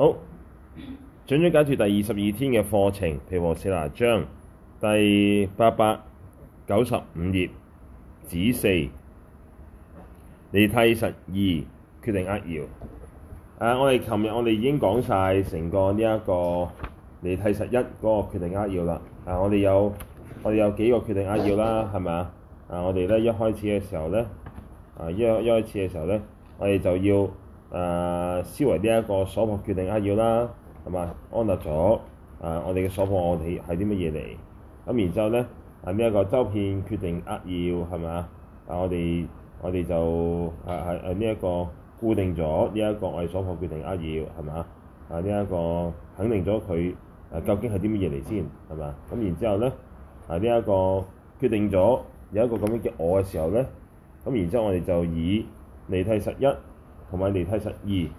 好，準準解讀第二十二天嘅課程，譬如話四拿章第八百九十五頁子四，離諦實異決定扼要。誒，我哋琴日我哋已經講晒成個呢一個離諦實一嗰個決定扼要啦。啊，我哋、這個啊、有我哋有幾個決定扼要啦，係咪啊？啊，我哋咧一開始嘅時候咧，啊一一開始嘅時候咧，我哋就要。誒思維呢一個所破決定扼要啦，係嘛安立咗誒、啊、我哋嘅所破我哋係啲乜嘢嚟？咁、啊、然之後咧，係呢一個周遍決定扼要係咪啊？啊我哋我哋就係係係呢一個固定咗呢一個我哋所破決定扼要係咪啊？啊呢一個肯定咗佢誒究竟係啲乜嘢嚟先係咪啊？咁然之後咧，啊呢一、這個決定咗有一個咁樣嘅我嘅時候咧，咁、啊、然之後我哋就以離諦實一。同埋離諦實異去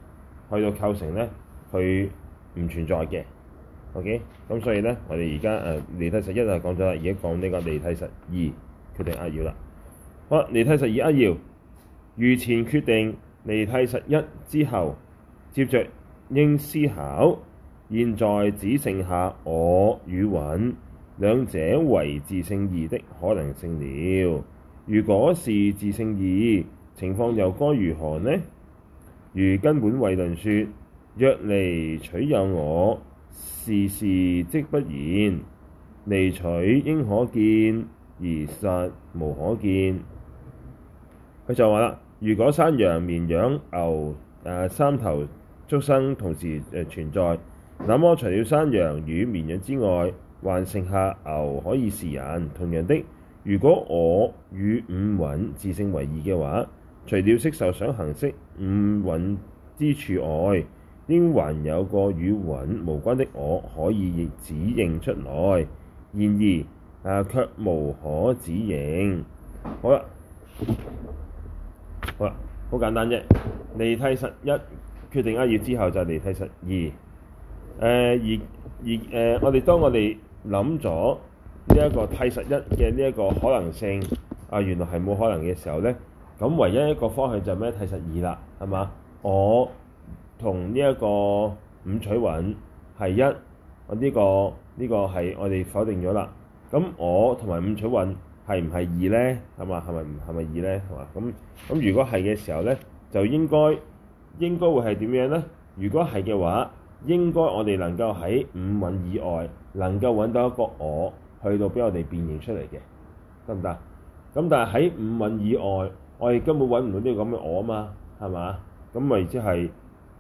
到構成咧，佢唔存在嘅。OK，咁所以咧，我哋而家誒離諦實一就講咗，而家講呢個離諦實異決定扼要啦。好，離諦實異扼要，如前決定離諦實一之後，接著應思考，現在只剩下我與蘊兩者為自性異的可能性了。如果是自性異，情況又該如何呢？如根本慧論說：若離取有我，是事則不然。離取應可見，而實無可見。佢就話啦：如果山羊、綿羊、牛、啊、三頭畜生同時、呃、存在，那麼除了山羊與綿羊之外，還剩下牛可以示人。同樣的，如果我與五蘊自性為異嘅話，除了色、受、想、行、識五蘊之處外，應還有個與蘊無關的我可以指認出來。然而啊，卻無可指認。好啦，好啦，好簡單啫。離諦實一決定一葉之後就，就離諦實二。誒而而誒、呃，我哋當我哋諗咗呢一個諦實一嘅呢一個可能性啊，原來係冇可能嘅時候咧。咁唯一一個方向就係咩？睇實二啦，係嘛？我同呢一個五取蘊係一，這個、我呢個呢個係我哋否定咗啦。咁我同埋五取蘊係唔係二咧？係嘛？係咪唔係咪二咧？係嘛？咁咁如果係嘅時候咧，就應該應該會係點樣咧？如果係嘅話，應該我哋能夠喺五蘊以外能夠揾到一個我去到俾我哋辨認出嚟嘅，得唔得？咁但係喺五蘊以外，我哋根本揾唔到呢個咁嘅我啊嘛，係嘛？咁咪即係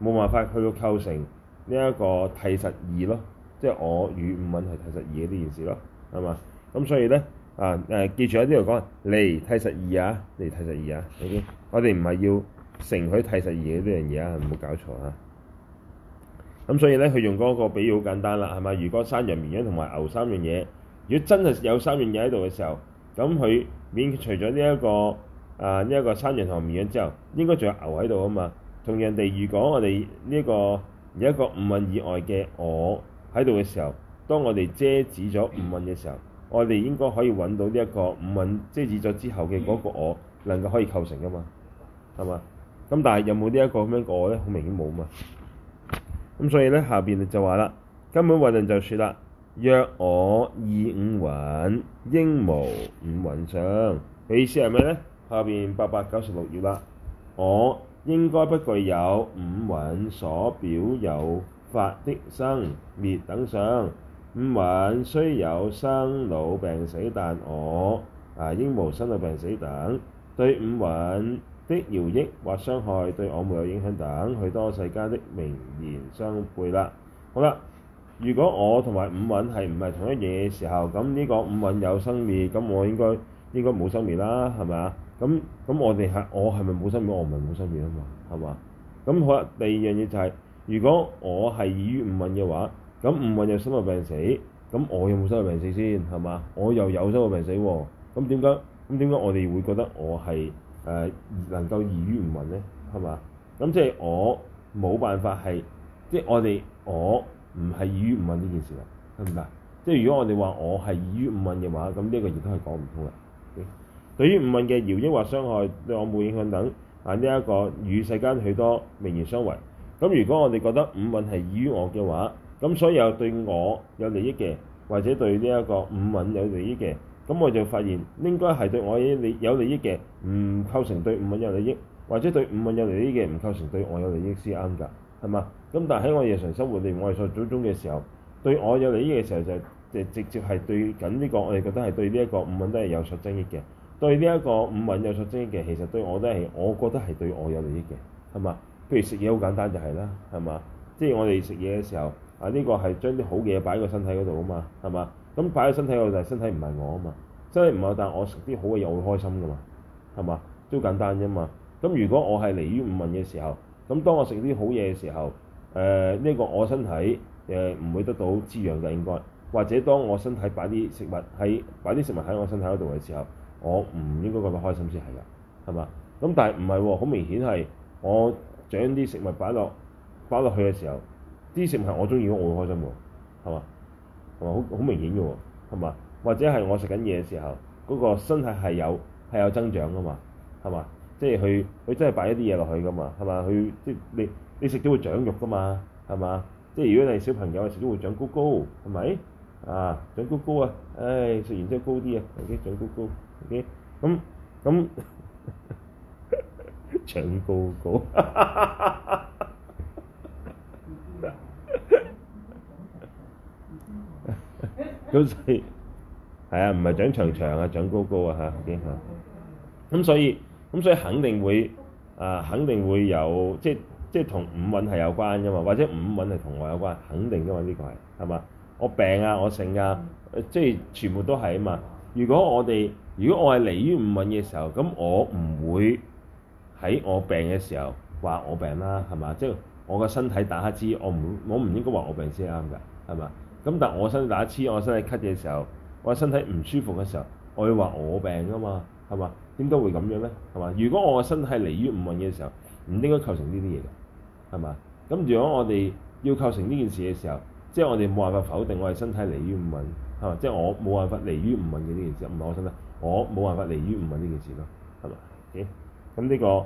冇辦法去到構成呢一個諦實異咯，即係我與五蘊係諦實異嘅呢件事咯，係嘛？咁所以咧，啊誒、呃，記住喺呢度講嚟諦實異啊，嚟諦實異啊，OK。我哋唔係要成佢諦實異嘅呢樣嘢啊，唔好搞錯啊。咁所以咧，佢用嗰個比喻好簡單啦，係咪？如果山羊、綿羊同埋牛三樣嘢，如果真係有三樣嘢喺度嘅時候，咁佢免除咗呢一個。啊！呢、這、一個山羊同綿羊之後，應該仲有牛喺度啊嘛。同人哋，如果我哋呢一個有一個五蘊以外嘅我喺度嘅時候，當我哋遮止咗五蘊嘅時候，我哋應該可以揾到呢一個五蘊遮止咗之後嘅嗰個我，能夠可以構成噶嘛？係、這個、嘛？咁但係有冇呢一個咁樣個我咧？好明顯冇嘛。咁所以咧，下邊就話啦，根本慧論就說啦：若我異五蘊，應無五蘊相。嘅意思係咩咧？下邊八百九十六頁啦，我應該不具有五蘊所表有法的生滅等相。五蘊雖有生老病死，但我啊應無生老病死等對五蘊的饒益或傷害對我沒有影響等，許多世間的名言相背啦。好啦，如果我同埋五蘊係唔係同一嘢時候，咁呢個五蘊有生滅，咁我應該應該冇生滅啦，係咪啊？咁咁我哋係我係咪冇生命？我唔係冇生命啊嘛，係嘛？咁好啦，第二樣嘢就係、是，如果我係異於五蘊嘅話，咁五蘊有生老病死，咁我又有冇生老病死先？係嘛？我又有生老病死喎，咁點解？咁點解我哋會覺得我係誒、呃、能夠異於五蘊咧？係嘛？咁即係我冇辦法係，即、就、係、是、我哋我唔係異於五蘊呢件事啊，係唔係？即、就、係、是、如果我哋話我係異於五蘊嘅話，咁呢個亦都係講唔通嘅。對於五蘊嘅饒益或傷害對我冇影響等，啊、呢一個與世間許多名言相違。咁如果我哋覺得五蘊係異於我嘅話，咁所有又對我有利益嘅，或者對呢一個五蘊有利益嘅，咁我就發現應該係對我有利有利益嘅，唔構成對五蘊有利益，或者對五蘊有利益嘅唔構成對我有利益先啱㗎，係嘛？咁但喺我日常生活裡，我係在祖宗嘅時候，對我有利益嘅時候就就直接係對緊、這、呢個我哋覺得係對呢一個五蘊都係有所增益嘅。對呢一個五蘊有所跡嘅，其實對我都係，我覺得係對我有利益嘅，係嘛？譬如食嘢好簡單就係、是、啦，係嘛？即係我哋食嘢嘅時候，啊呢、這個係將啲好嘢擺喺個身體嗰度啊嘛，係嘛？咁擺喺身體嗰度就係身體唔係我啊嘛，身體唔係我，我，但我食啲好嘅嘢，我會開心噶嘛，係嘛？都簡單啫嘛。咁如果我係離於五蘊嘅時候，咁當我食啲好嘢嘅時候，誒、呃、呢、這個我身體誒唔會得到滋養嘅應該，或者當我身體擺啲食物喺擺啲食物喺我身體嗰度嘅時候。我唔應該覺得開心先係㗎，係嘛？咁但係唔係喎，好明顯係我將啲食物擺落，擺落去嘅時候，啲食物係我中意，我會開心喎，係嘛？係咪好好明顯嘅喎？係嘛？或者係我食緊嘢嘅時候，嗰、那個身體係有係有增長㗎嘛？係嘛？即係佢佢真係擺一啲嘢落去㗎嘛？係嘛？佢即係你你食咗會長肉㗎嘛？係嘛？即係如果你係小朋友嘅食都會長高高係咪？啊長高高啊！誒食完之後高啲啊，OK 長高高。咁咁長高高，咁所以係啊，唔係長長長啊，長高高啊嚇啲嚇。咁所以咁所以肯定會啊，肯定會有即即同五蘊係有關噶嘛，或者五蘊係同我有關，肯定因為呢個係係嘛？我病啊，我成啊，即係全部都係啊嘛。如果我哋如果我係離於五蘊嘅時候，咁我唔會喺我病嘅時候話我病啦，係嘛？即係我嘅身體打乞嗤，我唔我唔應該話我病先啱㗎，係嘛？咁但我身體打乞嗤，我身體咳嘅時候，我身體唔舒服嘅時候，我要話我病㗎嘛，係嘛？點解會咁樣呢？係嘛？如果我嘅身體離於五蘊嘅時候，唔應該構成呢啲嘢㗎，係嘛？咁如果我哋要構成呢件事嘅時候，即係我哋冇辦法否定我係身體離於五蘊。係嘛？即係我冇辦法離於五蘊嘅呢件事，唔係我身啦。我冇辦法離於五蘊呢件事咯。係嘛？咁、okay? 呢、這個誒，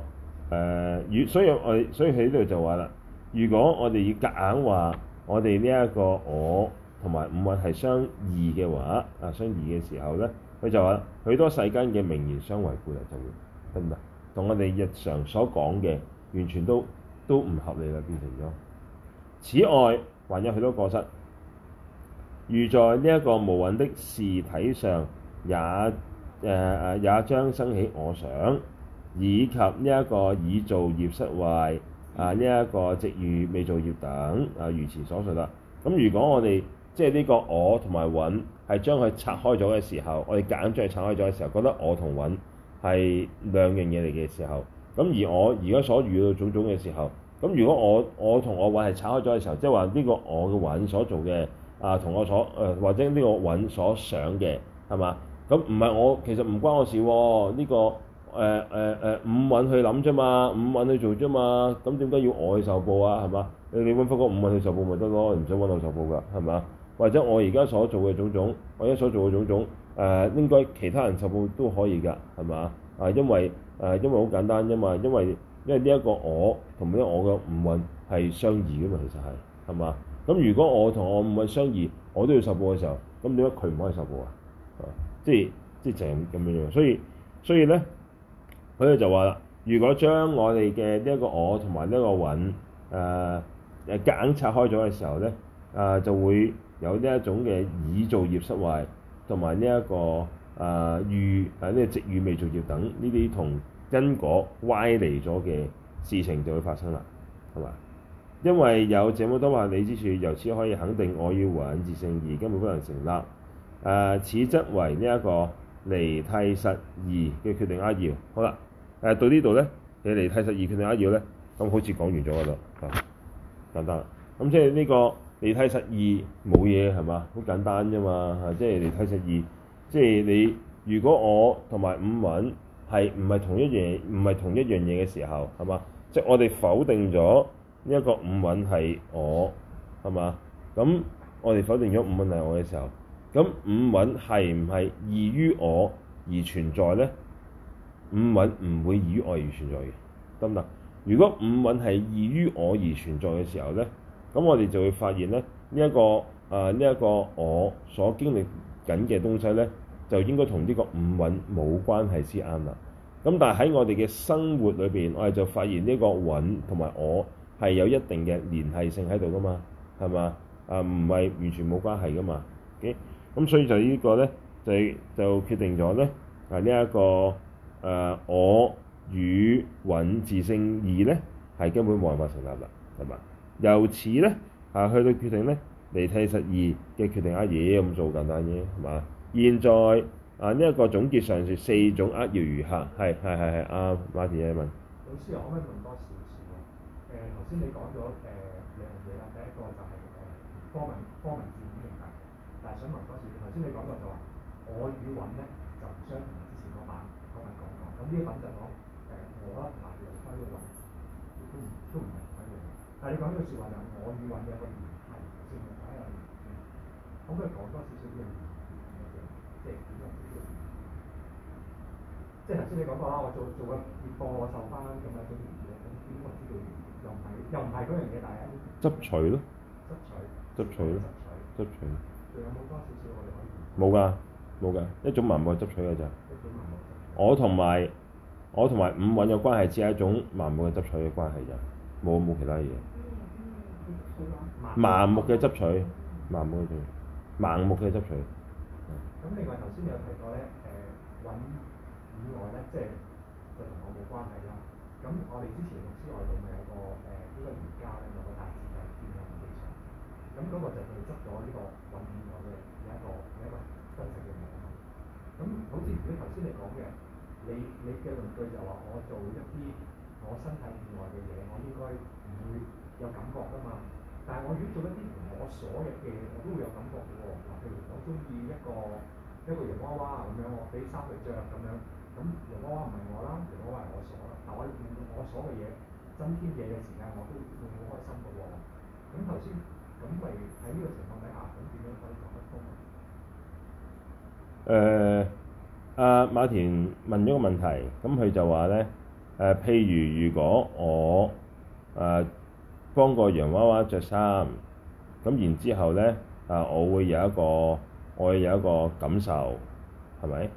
如、呃、所以我所以喺度就話啦，如果我哋要夾硬話我哋呢一個我同埋五蘊係相異嘅話，啊相異嘅時候咧，佢就話，許多世間嘅名言相違背啊，就會係咪？同我哋日常所講嘅完全都都唔合理啦，變成咗。此外，還有許多過失。如在呢一個無蘊的事體上也，也誒誒，也將生起我想，以及呢一個已造業失壞啊，呢、呃、一、這個值遇未造業等啊、呃，如前所述啦。咁、嗯、如果我哋即係呢個我同埋蘊係將佢拆開咗嘅時候，我哋夾硬將佢拆開咗嘅時候，覺得我同蘊係兩樣嘢嚟嘅時候，咁而我而家所遇到的種種嘅時候，咁如果我我同我蘊係拆開咗嘅時候，即係話呢個我嘅蘊所做嘅。啊，同我所誒、呃、或者呢個蘊所想嘅係、啊這個呃呃呃、嘛？咁唔係我其實唔關我事喎，呢個誒誒誒五蘊去諗啫嘛，五蘊去做啫嘛，咁點解要我去受報啊？係嘛？你你揾翻個五蘊去受報咪得咯？唔想揾我受報㗎係嘛？或者我而家所做嘅種種，我而家所做嘅種種誒、呃，應該其他人受報都可以㗎係嘛？啊，因為誒、啊、因為好簡單啫嘛，因為因為呢一個我同埋呢我嘅五蘊係相異㗎嘛，其實係係嘛？咁如果我同我唔係相異，我都要受報嘅時候，咁點解佢唔可以受報啊？啊，即係即係成咁樣樣。所以所以咧，佢哋就話啦：如果將我哋嘅呢一個我同埋呢個蘊，誒誒夾硬拆開咗嘅時候咧，誒、呃、就會有呢一種嘅已造業失壞，同埋呢一個誒欲誒呢值遇未造業等呢啲同因果歪離咗嘅事情就會發生啦，係嘛？因為有這麼多不合理之處，由此可以肯定，我與蘊自性異根本不能成立。誒、呃，此則為呢一個離諦實異嘅決定扼要。好、呃、啦，誒到呢度咧，你離諦實異決定扼要咧，咁好似講完咗嗰度，簡單啦。咁即係呢個離諦實異冇嘢係嘛，好簡單啫嘛。嚇，即係離諦實異，即係你如果我同埋五蘊係唔係同一樣唔係同一樣嘢嘅時候，係嘛？即係我哋否定咗。呢一個五蘊係我係嘛？咁我哋否定咗五蘊係我嘅時候，咁五蘊係唔係異於我而存在咧？五蘊唔會異於我而存在嘅，得唔得？如果五蘊係異於我而存在嘅時候咧，咁我哋就會發現咧，呢、這、一個啊呢一個我所經歷緊嘅東西咧，就應該同呢個五蘊冇關係先啱啦。咁但係喺我哋嘅生活裏邊，我哋就發現呢個蘊同埋我。係有一定嘅聯繫性喺度㗎嘛，係嘛？啊，唔係完全冇關係㗎嘛。咁、okay? 啊、所以就個呢個咧，就就決定咗咧，啊呢一、這個誒、啊、我與蘊自性異咧，係根本冇辦法成立啦，係嘛？由此咧啊去到決定咧離諦實異嘅決定啊嘢咁、哎、做簡單啫，係嘛？現在啊呢一個總結上述四種扼要如下，係係係係啱。馬田你問。老師我可以問 先你講咗誒兩樣嘢啦，第一個就係、是、誒、呃、科文科文字語認定，但係想問多次，頭先你講過就話我與蘊咧就唔相同，之前嗰版嗰份講過，咁呢啲品就講誒、呃、我啦同埋關於韻都唔都唔係一樣，但係你講呢個説話，就我與蘊有個疑問，係全部擺喺我面，可唔可以講多少少嘅嘢？即係其中少少即係頭先你講過啦，我做做個熱播，我受翻同埋又唔係，又唔係嗰樣嘢，但係執取咯，執取，執取咯，執取。仲有冇多少少我哋可以？冇㗎，冇㗎，一種盲目嘅執取嘅啫。我同埋我同埋五蘊嘅關係只係一種盲目嘅執取嘅關係咋，冇冇其他嘢。盲目嘅執取，盲目嘅，盲目嘅執取。咁另外頭先你有提過咧，誒蘊以外咧，即係就同我冇關係啦。咁、嗯、我哋之前公司外邊咪有個誒呢個瑜伽咧，有個大師就係偏向冥想。咁嗰個就佢執咗呢個運動嘅一個，係、呃、一個分析嘅模型。咁好似你頭先嚟講嘅，你你嘅論據就話我做一啲我身體以外嘅嘢，我應該唔會有感覺㗎嘛。但係我如果做一啲我所有嘅嘢，我都會有感覺嘅喎。嗱，譬如我中意一個一個洋娃娃咁樣，我俾衫嚟著咁樣。咁洋娃娃唔係我啦，如果係我所啦，但係我我所嘅嘢，增添嘢嘅時間我都會好開心嘅喎。咁頭先咁咪喺呢個情況底下，咁點樣可以講得通？誒，阿馬田問咗個問題，咁佢就話咧，誒、呃、譬如如果我誒、呃、幫個洋娃娃着衫，咁然之後咧誒、啊，我會有一個我會有一個感受，係咪？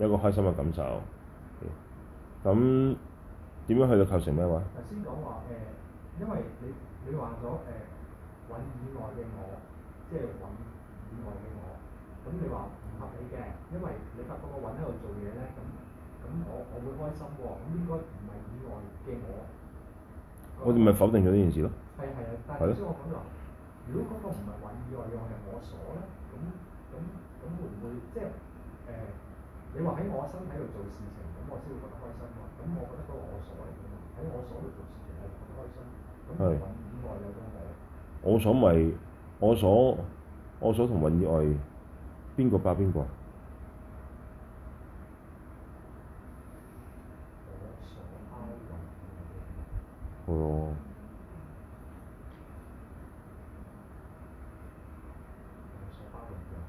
一個開心嘅感受，咁、嗯、點樣去到構成咩話？頭先講話誒，因為你你話咗誒蘊以外嘅我，即係蘊以外嘅我，咁你話唔合理嘅，因為你發覺嗰個蘊喺度做嘢咧，咁咁我我會開心喎、哦，咁應該唔係以外嘅我。我哋咪否定咗呢件事咯。係係啊，但係頭先我講咗，如果嗰個唔係蘊以外嘅我係我所咧，咁咁咁會唔會即係誒？呃你話喺我身體度做事情，咁我先會覺得開心咯。咁我覺得都係我所嚟嘅，喺我所度做事情，係覺得開心。咁蘊以外有邊個？我所咪我所 Saya, 巴巴巴我所同蘊以外邊個包邊個啊？哦。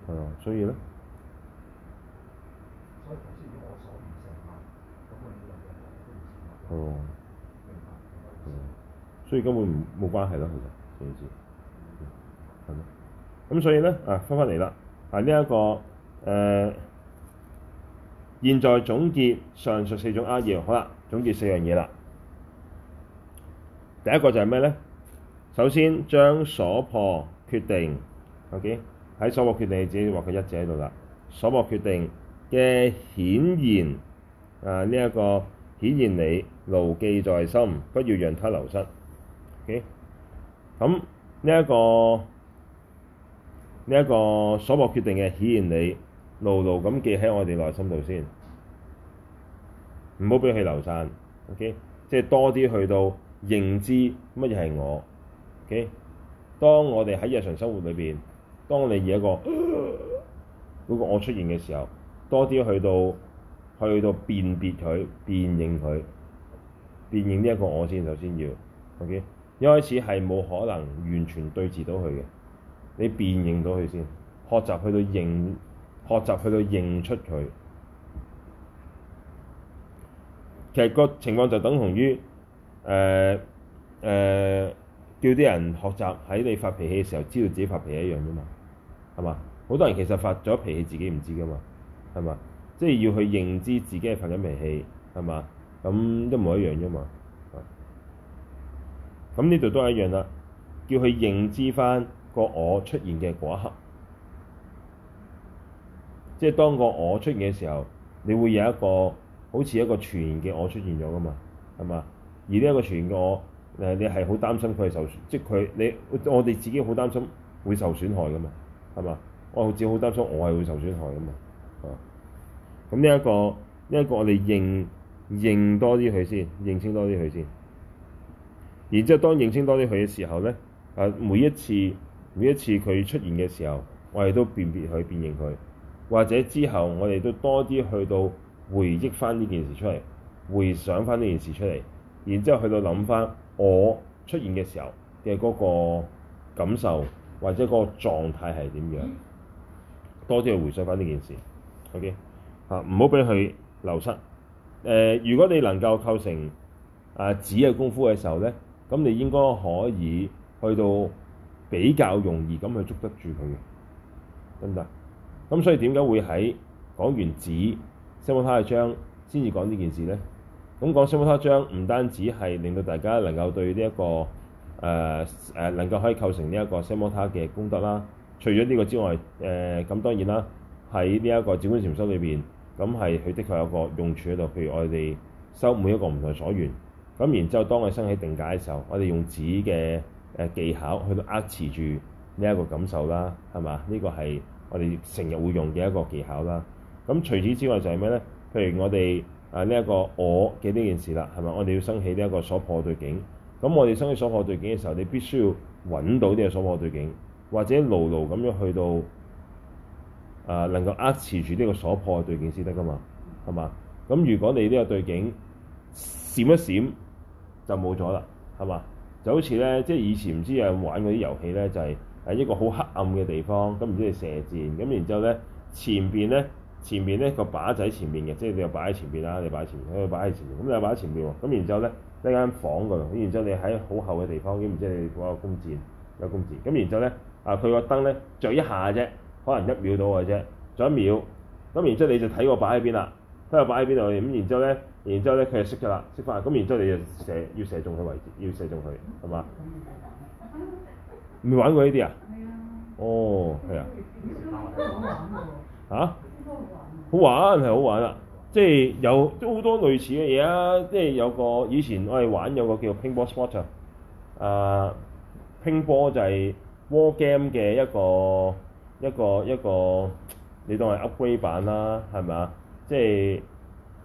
係啊、yeah so，所以咧。Hmm 哦，哦、嗯，所以根本唔冇關係啦。其實咁所以咧啊，翻翻嚟啦，啊呢一、這個誒、呃，現在總結上述四種扼要，好啦，總結四樣嘢啦。第一個就係咩咧？首先將所破決定，OK，喺所破決定你自己畫個一字喺度啦。所破決定嘅顯然啊呢一、這個。顯現理牢記在心，不要讓它流失。OK，咁呢一個呢一、這個所破決定嘅顯現理，牢牢咁記喺我哋內心度先，唔好俾佢流散。OK，即係多啲去到認知乜嘢係我。OK，當我哋喺日常生活裏邊，當你以一個嗰個、呃、我出現嘅時候，多啲去到。去到辨別佢、辨認佢、辨認呢一個我先，首先要，OK。一開始係冇可能完全對峙到佢嘅，你辨認到佢先，學習去到認，學習去到認出佢。其實個情況就等同於，誒、呃、誒、呃，叫啲人學習喺你發脾氣嘅時候知道自己發脾氣一樣啫嘛，係嘛？好多人其實發咗脾氣自己唔知噶嘛，係嘛？即係要去認知自己係發緊脾氣，係嘛？咁一模一樣啫嘛。咁呢度都係一樣啦。叫佢認知翻個我出現嘅嗰一刻，即係當個我出現嘅時候，你會有一個好似一個全嘅我出現咗噶嘛？係嘛？而呢一個全嘅我，誒，你係好擔心佢係受，即係佢你我哋自己好擔心會受損害噶嘛？係嘛？我只係好擔心我係會受損害噶嘛？咁呢一個呢一個，這個、我哋認認多啲佢先，認清多啲佢先。然之後，當認清多啲佢嘅時候咧，啊每一次每一次佢出現嘅時候，我哋都辨別佢、辨認佢，或者之後我哋都多啲去到回憶翻呢件事出嚟，回想翻呢件事出嚟。然之後去到諗翻我出現嘅時候嘅嗰個感受，或者嗰個狀態係點樣，多啲去回想翻呢件事。OK。啊唔好俾佢流失。誒、呃，如果你能夠構成啊止嘅功夫嘅時候咧，咁你應該可以去到比較容易咁去捉得住佢嘅，得唔得？咁所以點解會喺講完止、奢摩他嘅章先至講呢件事咧？咁講奢摩他章唔單止係令到大家能夠對呢、這、一個誒誒、呃呃、能夠可以構成呢一個奢摩他嘅功德啦。除咗呢個之外，誒、呃、咁當然啦，喺呢一個《止觀禪修》裏邊。咁係佢的確有個用處喺度，譬如我哋收每一個唔同嘅所願，咁然之後當我哋升起定解嘅時候，我哋用紙嘅誒技巧去到壓持住呢一個感受啦，係嘛？呢、這個係我哋成日會用嘅一個技巧啦。咁除此之外就係咩咧？譬如我哋啊呢一、這個我嘅呢件事啦，係咪？我哋要升起呢一個所破對境。咁我哋升起所破對境嘅時候，你必須要揾到呢個所破對境，或者牢牢咁樣去到。誒能夠扼持住呢個所破嘅對境先得㗎嘛，係嘛？咁如果你呢個對境閃一閃就冇咗啦，係嘛？就好似咧，即係以前唔知有玩過嗰啲遊戲咧，就係喺一個好黑暗嘅地方，咁唔知你射箭，咁然之後咧前邊咧前面咧個靶仔前面嘅，即係你又擺喺前邊啦，你擺喺前面，你又擺喺前邊，咁又擺喺前面喎，咁然之後咧一間房㗎，咁然之後你喺好厚嘅地方，咁唔知你攞個弓箭，有弓箭，咁然之後咧啊佢個燈咧著一下啫。可能一秒到嘅啫，仲有一秒咁，然之後你就睇我擺喺邊啦，睇我擺喺邊度咁，然之後咧，然之後咧，佢就熄咗啦，熄翻咁，然之後你就射要射中佢位置，要射中佢係嘛？未、嗯、玩過呢啲？嗯哦、啊？哦，係啊，嚇， 好玩係好玩啊！即係有都好多類似嘅嘢啊！即係有個以前我係玩有個叫 Ping Ball Spot，啊，乒乓就係 War Game 嘅一個。一個一個，你當係 upgrade 版啦，係咪啊？即係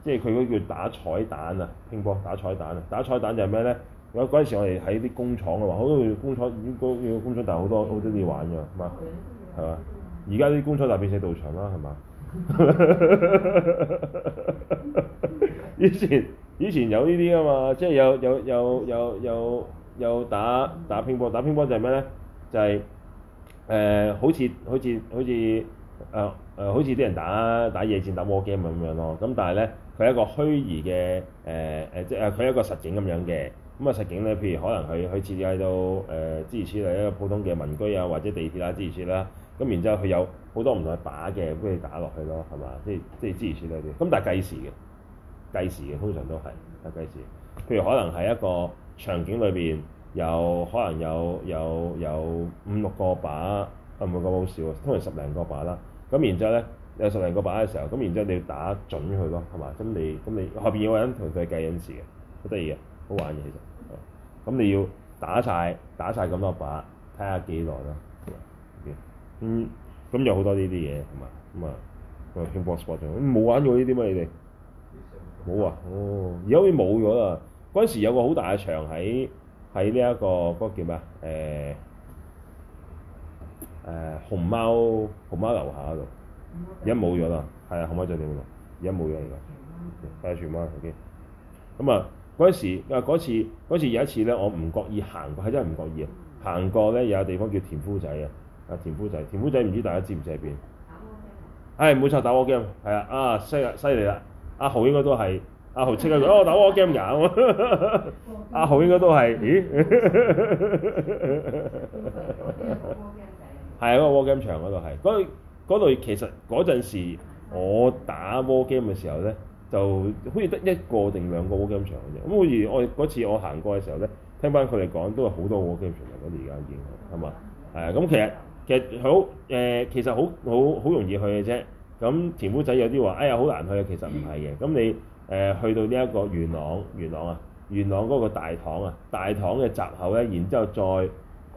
即係佢嗰啲叫打彩蛋啊，乒乓打彩蛋啊，打彩蛋就係咩咧？嗰嗰陣時我哋喺啲工廠啊嘛，好多工廠，工廠大，大好多好多嘢玩嘅，係嘛？係嘛？而家啲工廠大變成道場啦，係嘛？ 以前以前有呢啲噶嘛，即係有有有有有有打打乒乓，打乒乓就係咩咧？就係。誒、呃、好似好似、呃呃、好似誒誒好似啲人打打野戰打 war game 咁樣咯，咁但係咧佢係一個虛擬嘅誒誒即係佢係一個實景咁樣嘅，咁啊實景咧，譬如可能佢佢設計到誒諸、呃、如此類一個普通嘅民居啊或者地鐵啊諸如此類啦。咁然之後佢有好多唔同嘅把嘅俾你打落去咯，係嘛？即係即係諸如此類啲，咁但係計時嘅，計時嘅通常都係係計時，譬如可能喺一個場景裏邊。有可能有有有五六個靶，唔係五個好少，通常十零個靶啦。咁然之後咧，有十零個靶嘅時候，咁然之後你要打準佢咯，係嘛？咁你咁你後邊有個人同佢計嗰陣時嘅，好得意嘅，好玩嘅其實。咁你要打晒，打晒咁多靶，睇下幾耐咯。嗯，咁、okay。嗯、有多 sport，好多呢啲嘢，係嘛？咁啊，我 inbox 搏冇玩過呢啲咩你哋，冇啊，哦，而家好似冇咗啦。嗰陣時有個好大嘅場喺。喺呢一個嗰、嗰個叫咩啊？誒、呃、誒、呃，熊貓熊貓樓下嗰度，而家冇咗啦。係啊，熊貓酒店度，而家冇咗㗎。係啊，全貓手機。咁啊，嗰陣時啊，嗰次次有一次咧，我唔覺意行過，係真係唔覺意啊。行、嗯、過咧，有個地方叫田夫仔嘅，啊田夫仔，田夫仔唔知大家知唔知喺邊？打波機。係冇錯，打波機係、哎、啊啊犀啊犀利啦！阿豪應該都係。阿豪即啊佢、哦，我打 war game 噶、啊，哈哈 War game，阿豪應該都係，咦？係啊，war 那個 war game 場嗰度係，嗰度其實嗰陣時我打 war game 嘅時候咧，就好似得一個定兩個 war game 場嘅啫。咁好似我嗰次我行過嘅時候咧，聽翻佢哋講都係好多 war game 場。嗰啲而家已經係嘛？係啊，咁其實 其實好誒，其實好好好容易去嘅啫。咁田夫仔有啲話，哎呀，好難去啊，其實唔係嘅。咁你誒、呃、去到呢一個元朗元朗啊，元朗嗰個大堂啊，大堂嘅閘口咧、啊，然之後再誒、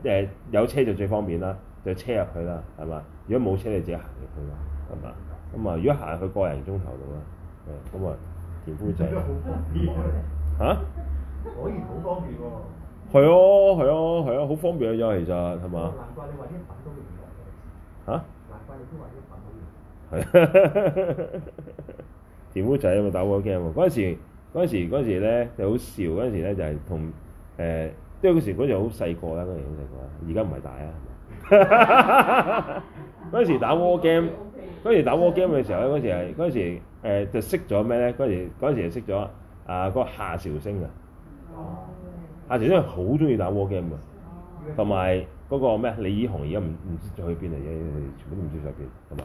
呃、有車就最方便啦，就車入去啦，係嘛？如果冇車，你自己行入去啦，係嘛？咁啊，如果行入去個零鐘頭到啦，咁啊，年青仔嚇，果然好方便喎，係啊係啊係啊，好方便嘅嘢其實係嘛？難怪你話啲粉都唔得，吓、啊？難怪你都話啲粉好亂，係。電妹仔有冇打 war game 喎。嗰陣時，嗰陣時，嗰陣時咧就好笑。嗰陣時咧就係同誒，因為嗰時嗰陣時好細個啦，嗰陣時好細個，而家唔係大啦。嗰陣時打 war game，嗰陣時打 war game 嘅時候咧，嗰陣時係嗰陣時誒就識咗咩咧？嗰陣時嗰陣時就識咗啊、個夏兆星啊。嗯、夏兆星好中意打 war game 嘅，同埋嗰個咩李依雄而家唔唔知去邊嚟嘅，全部都唔知去邊，同埋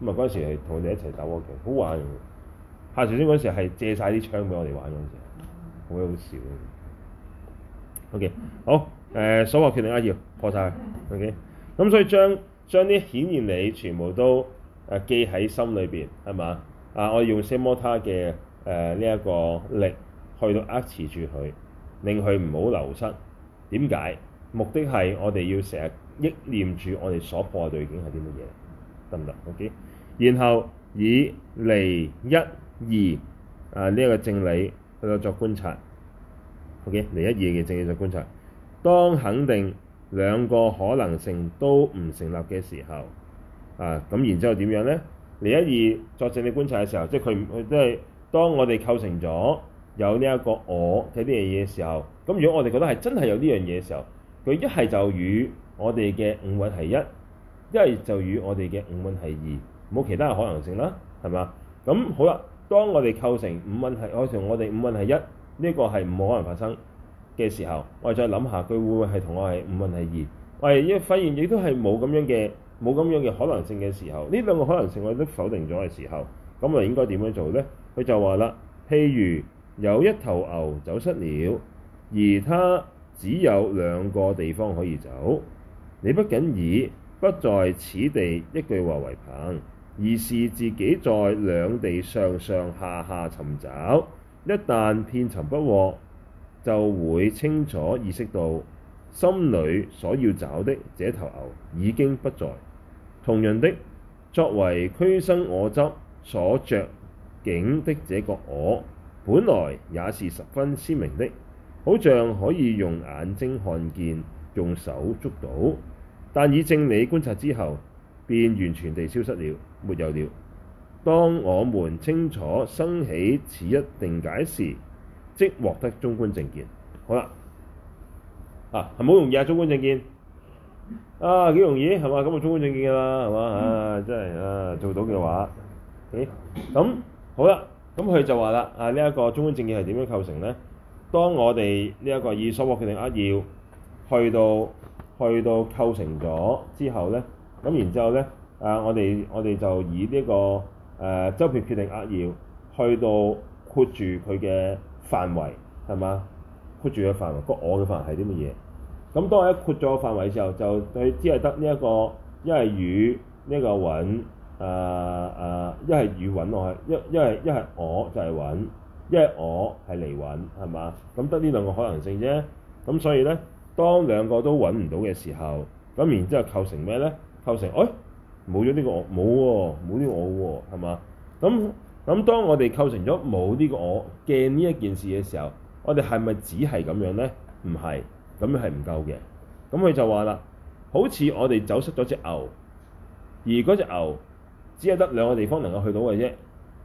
咁啊！嗰陣時係同我哋一齊打 war game，好玩啊！頭先嗰時係借晒啲槍俾我哋玩嗰陣，好鬼、嗯、好笑。嗯、O.K.，好，誒、呃，所破決定扼要破晒、嗯、O.K.，咁所以將將啲顯現理全部都誒、呃、記喺心裏邊，係嘛？啊，我用奢摩他嘅誒呢一個力去到扼持住佢，令佢唔好流失。點解？目的係我哋要成日憶念住我哋所破嘅對境係啲乜嘢，得唔得？O.K.，然後以離一異啊，呢一個正理去作觀察，O.K. 離一異嘅正理作觀察。當肯定兩個可能性都唔成立嘅時候，啊，咁然之後點樣咧？離一異作正理觀察嘅時候，即係佢佢都係當我哋構成咗有呢一個我嘅呢樣嘢嘅時候，咁如果我哋覺得係真係有呢樣嘢嘅時候，佢一係就與我哋嘅五蘊係一，一係就與我哋嘅五蘊係異，冇其他嘅可能性啦，係嘛？咁好啦。當我哋構成五蘊係，我同我哋五蘊係一，呢個係唔可能發生嘅時候，我係再諗下佢會唔會係同我係五蘊係二，我一發現亦都係冇咁樣嘅冇咁樣嘅可能性嘅時候，呢兩個可能性我都否定咗嘅時候，咁我應該點樣做呢？佢就話啦，譬如有一頭牛走失了，而他只有兩個地方可以走，你不僅以不在此地一句話為憑。而是自己在兩地上上下下尋找，一旦遍尋不獲，就會清楚意識到心裏所要找的這頭牛已經不在。同樣的，作為俱生我執所著境的這個我，本來也是十分鮮明的，好像可以用眼睛看見、用手捉到，但以正理觀察之後便完全地消失了。沒有了。當我們清楚生起此一定解時，即獲得中觀正見。好啦，啊，係好容易啊！中觀正見啊，幾容易係嘛？咁、嗯、啊，中觀正見噶啦，係嘛？唉，真係啊，做到嘅話，咦、欸？咁好啦，咁佢就話啦，啊，呢、這、一個中觀正見係點樣構成咧？當我哋呢一個以所獲決定扼要，去到去到構成咗之後咧，咁然之後咧。啊！我哋我哋就以呢、這個誒、呃、周邊決定扼要去到括住佢嘅範圍係嘛？括住嘅範圍個我嘅範圍係啲乜嘢？咁、嗯、當我一括咗個範圍嘅時候，就佢只係得呢一個一係雨呢個揾誒誒，一係雨揾我，一一係一係我就係揾一係我係嚟揾係嘛？咁得呢兩個可能性啫。咁、嗯、所以咧，當兩個都揾唔到嘅時候，咁然後之後構成咩咧？構成誒。哎冇咗呢個我，冇喎，冇呢個我喎、哦，係嘛？咁咁，當我哋構成咗冇呢個我嘅呢一件事嘅時候，我哋係咪只係咁樣咧？唔係，咁樣係唔夠嘅。咁佢就話啦，好似我哋走失咗隻牛，而嗰隻牛只係得兩個地方能夠去到嘅啫。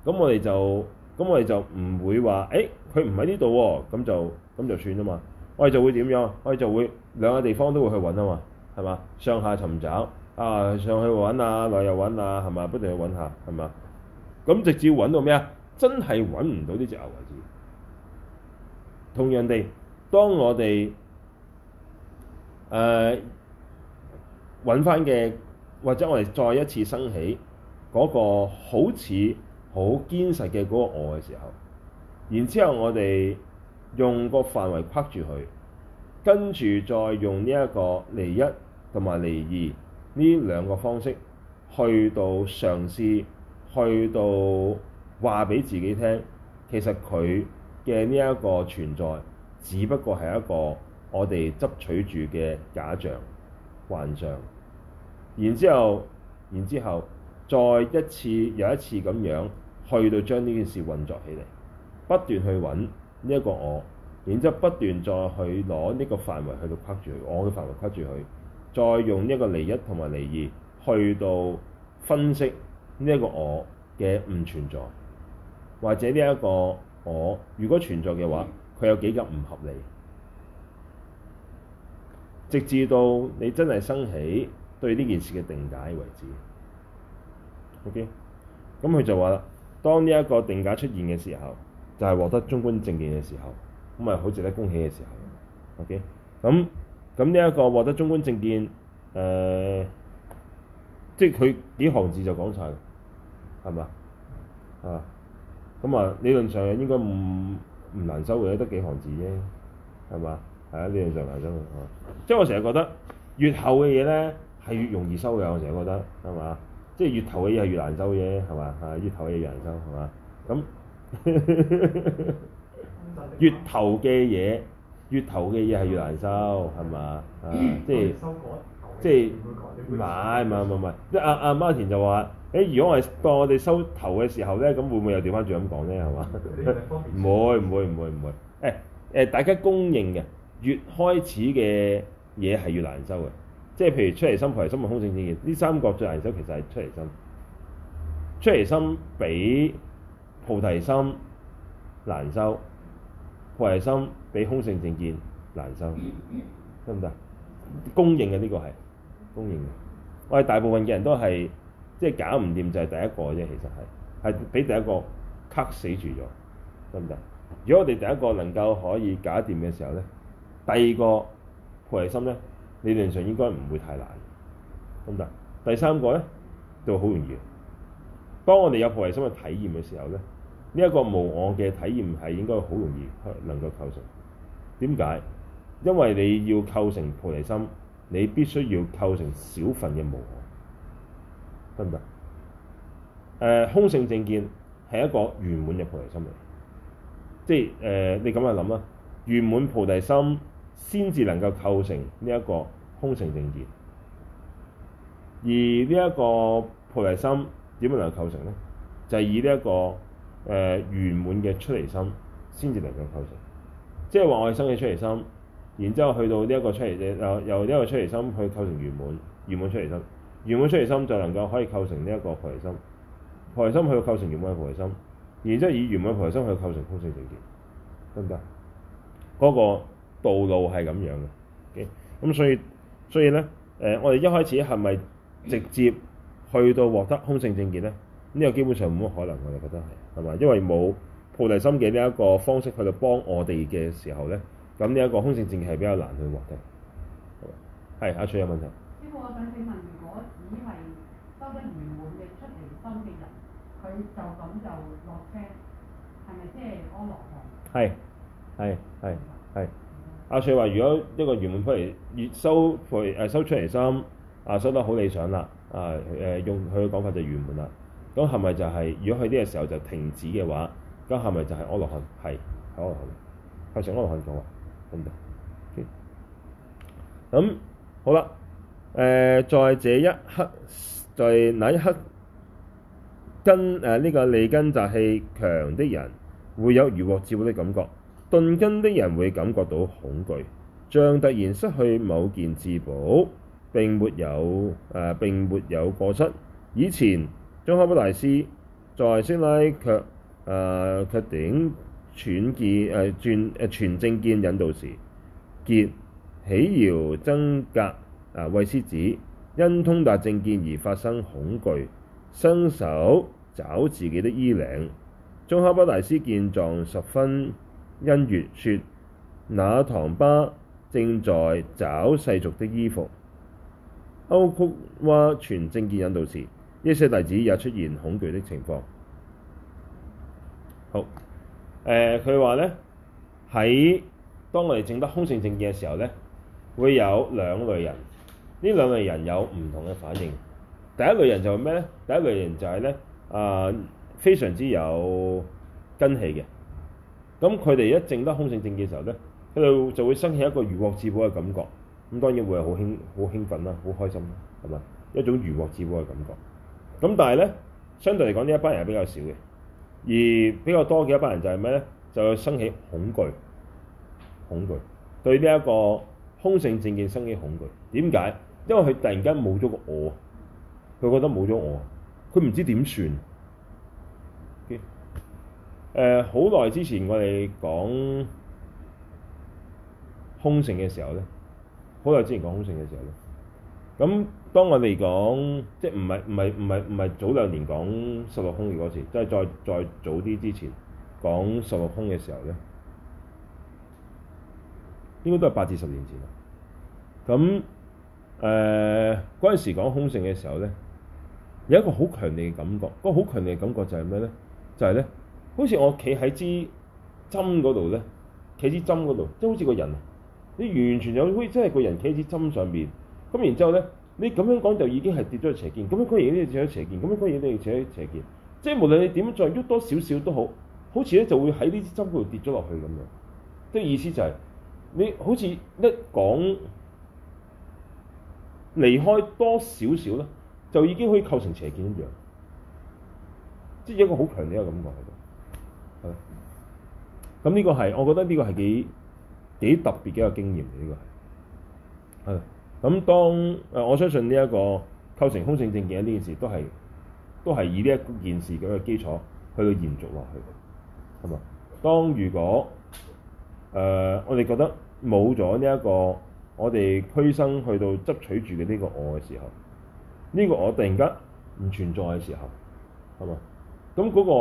咁我哋就咁我哋就唔會話，誒佢唔喺呢度喎，咁、哦、就咁就算啊嘛。我哋就會點樣？我哋就會兩個地方都會去搵啊嘛，係嘛？上下尋找。啊！上去揾啊，落又揾啊，係嘛？不斷去揾下，係嘛？咁直接揾到咩啊？真係揾唔到呢隻牛為止。同樣地，當我哋誒揾翻嘅，或者我哋再一次生起嗰、那個好似好堅實嘅嗰個我嘅時候，然之後我哋用個範圍拍住佢，跟住再用呢一個離一同埋離二。呢兩個方式去到嘗試，去到話俾自己聽，其實佢嘅呢一個存在，只不過係一個我哋執取住嘅假象、幻象。然之後，然之後再一次又一次咁樣去到將呢件事運作起嚟，不斷去揾呢一個我，然之後不斷再去攞呢個範圍去到框住佢，我嘅範圍框住佢。再用呢一個離一同埋離異去到分析呢一個我嘅唔存在，或者呢一個我如果存在嘅話，佢有幾咁唔合理，直至到你真係生起對呢件事嘅定解為止。O.K.，咁佢就話啦，當呢一個定解出現嘅時候，就係、是、獲得中觀正見嘅時候，咁咪好值得恭喜嘅時候。O.K.，咁。咁呢一個獲得中觀正見，誒、呃，即係佢幾行字就講曬，係嘛？啊，咁啊理論上又應該唔唔難收嘅，得幾行字啫，係嘛？係啊，理論上難收，啊，即係我成日覺得越後嘅嘢咧係越容易收嘅，我成日覺得，係嘛？即係越頭嘅嘢係越難收嘅啫，係嘛？啊，越頭嘅嘢越難收，係嘛？咁越 頭嘅嘢。越頭嘅嘢係越難收，係嘛？啊，即係即係唔係？唔係唔係，即係阿阿媽田就話，誒，如果我係當我哋收頭嘅時候咧，咁會唔會又調翻轉咁講咧？係嘛？唔會唔會唔會唔會。誒誒、欸呃，大家公認嘅，越開始嘅嘢係越難收嘅。即係譬如出離心、菩提心同空性見，呢三個最難收，其實係出離心。出離心比菩提心難收。菩提心比空性正見難修，得唔得？公認嘅呢個係，公認嘅。我哋大部分嘅人都係即係搞唔掂，就係第一個啫。其實係，係俾第一個卡死住咗，得唔得？如果我哋第一個能夠可以搞掂嘅時候咧，第二個菩提心咧，理論上應該唔會太難，得唔得？第三個咧就好容易。當我哋有菩提心去體驗嘅時候咧。呢一個無我嘅體驗係應該好容易能夠構成，點解？因為你要構成菩提心，你必須要構成小份嘅無我，得唔得？誒、呃，空性正見係一個圓滿嘅菩提心嚟，即係誒、呃，你咁嚟諗啦，圓滿菩提心先至能夠構成呢一個空性正見，而呢一個菩提心點樣能夠構成咧？就係、是、以呢、這、一個，誒、呃、圓滿嘅出離心先至能夠構成，即係話我係生嘅出離心，然之後去到呢一個出離心，又由呢個出離心去構成圓滿，圓滿出離心，圓滿出離心就能夠可以構成呢一個菩提心，菩提心去構成圓滿嘅菩提心，然之後以圓滿菩提心去構成空性正見，得唔得？嗰、那個道路係咁樣嘅，咁、okay? 所以所以咧，誒、呃、我哋一開始係咪直接去到獲得空性正見咧？呢個基本上冇乜可能，我哋覺得係係嘛，因為冇菩提心嘅呢一個方式去到幫我哋嘅時候咧，咁呢一個空性正見係比較難去獲得。係、嗯、阿翠有問題。呢個我想請問，如果只係收得圓滿嘅出離心嘅人，佢就咁就落車，係咪即係安樂堂？係係係阿翠話：如果一個圓滿出嚟，收回誒收出離心啊，收得好理想啦啊誒，用佢嘅講法就圓滿啦。咁係咪就係、是？如果佢呢個時候就停止嘅話，咁係咪就係安樂漢？係，安樂漢。佢成安樂漢咁啊？得唔得？咁、嗯、好啦。誒、呃，在這一刻，在那一刻，根誒呢個利根習氣強的人會有如獲至寶的感覺；鈍根的人會感覺到恐懼，像突然失去某件至寶。並沒有誒、呃，並沒有過失。以前。宗喀巴大師在色拉卻啊，卻、呃、頂傳結誒轉誒傳正見、呃、引導時，傑喜饒僧格啊，慧、呃、獅子因通達正見而發生恐懼，伸手找自己的衣領。宗喀巴大師見狀十分欣悅說：那塘巴正在找世俗的衣服。歐曲瓦傳正見引導時。一些弟子也出現恐懼的情況。好，誒佢話咧，喺當我哋證得空性正見嘅時候咧，會有兩類人，呢兩類人有唔同嘅反應。第一類人就係咩咧？第一類人就係咧，啊、呃，非常之有根氣嘅。咁佢哋一證得空性正見嘅時候咧，佢哋就會生起一個如獲至寶嘅感覺。咁當然會係好興、好興奮啦，好開心啦，係咪？一種如獲至寶嘅感覺。咁但係咧，相對嚟講，呢一班人係比較少嘅，而比較多嘅一班人就係咩咧？就生起恐懼、恐懼，對呢一個空性正見生起恐懼。點解？因為佢突然間冇咗個我，佢覺得冇咗我，佢唔知點算。啲誒好耐之前我哋講空性嘅時候咧，好耐之前講空性嘅時候咧，咁。當我哋講，即係唔係唔係唔係唔係早兩年講十六空嘅嗰次，即係再再早啲之前講十六空嘅時候咧，應該都係八至十年前啦。咁誒嗰陣時講空性嘅時候咧，有一個好強烈嘅感覺。個好強烈嘅感覺就係咩咧？就係咧，好似我企喺支針嗰度咧，企支針嗰度，即係好似個人，你完全有好似即係個人企喺支針上邊咁，然之後咧。你咁樣講就已經係跌咗係邪見，咁樣講嘢呢又扯邪見，咁樣講嘢都要扯邪見，即係無論你點樣再喐多少少都好，好似咧就會喺呢支針度跌咗落去咁樣。即係意思就係，你好似一講離開多少少咧，就已經可以構成邪見一樣，即係一個好強烈嘅感覺喺度。係，咁呢個係，我覺得呢個係幾幾特別嘅一個經驗呢、呢個係。係。咁當誒、呃，我相信呢一個構成空性正見呢件事都，都係都係以呢一件事嘅基礎去到延續落去，係嘛？當如果誒、呃，我哋覺得冇咗呢一個我哋俱生去到執取住嘅呢個我嘅時候，呢、這個我突然間唔存在嘅時候，係嘛？咁嗰、那個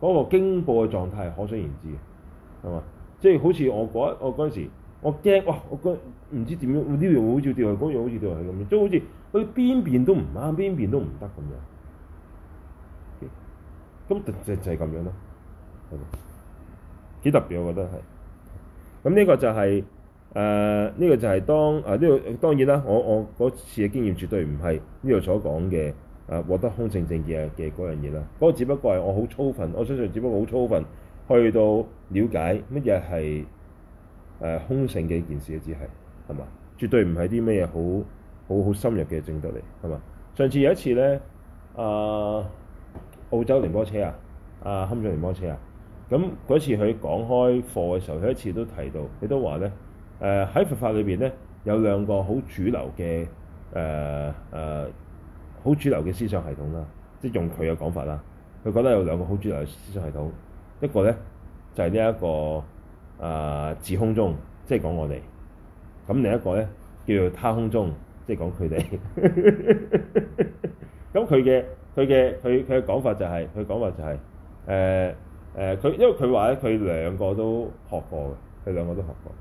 嗰、那個驚怖嘅狀態，可想而知嘅，係嘛？即、就、係、是、好似我嗰我陣時。我驚哇！我覺唔知點樣，呢樣好似掉落，嗰樣好似掉落嚟咁樣，就好似好似邊邊都唔啱，邊邊都唔得咁樣。咁就就係咁樣咯，係咪？幾特別，我覺得係。咁呢個就係、是、誒，呢、呃這個就係當誒呢、呃這個當然啦。我我嗰次嘅經驗絕對唔係呢度所講嘅誒獲得空性正見嘅嘅嗰樣嘢啦。不過只不過係我好粗份，我相信只不過好粗份去到了解乜嘢係。誒、呃、空性嘅一件事，只係係嘛，絕對唔係啲咩嘢好好好深入嘅證得嚟，係嘛？上次有一次咧、呃，啊澳洲仁波切啊，啊香港仁波切啊，咁嗰次佢講開課嘅時候，佢一次都提到，佢都話咧，誒、呃、喺佛法裏邊咧有兩個好主流嘅誒誒好主流嘅思想系統啦，即係用佢嘅講法啦，佢覺得有兩個好主流嘅思想系統，一個咧就係呢一個。啊、呃，自空中即係講我哋，咁另一個咧叫做他空中，即係講佢哋。咁佢嘅佢嘅佢佢嘅講法就係、是，佢講法就係、是，誒、呃、誒，佢、呃、因為佢話咧，佢兩個都學過嘅，佢兩,兩個都學過。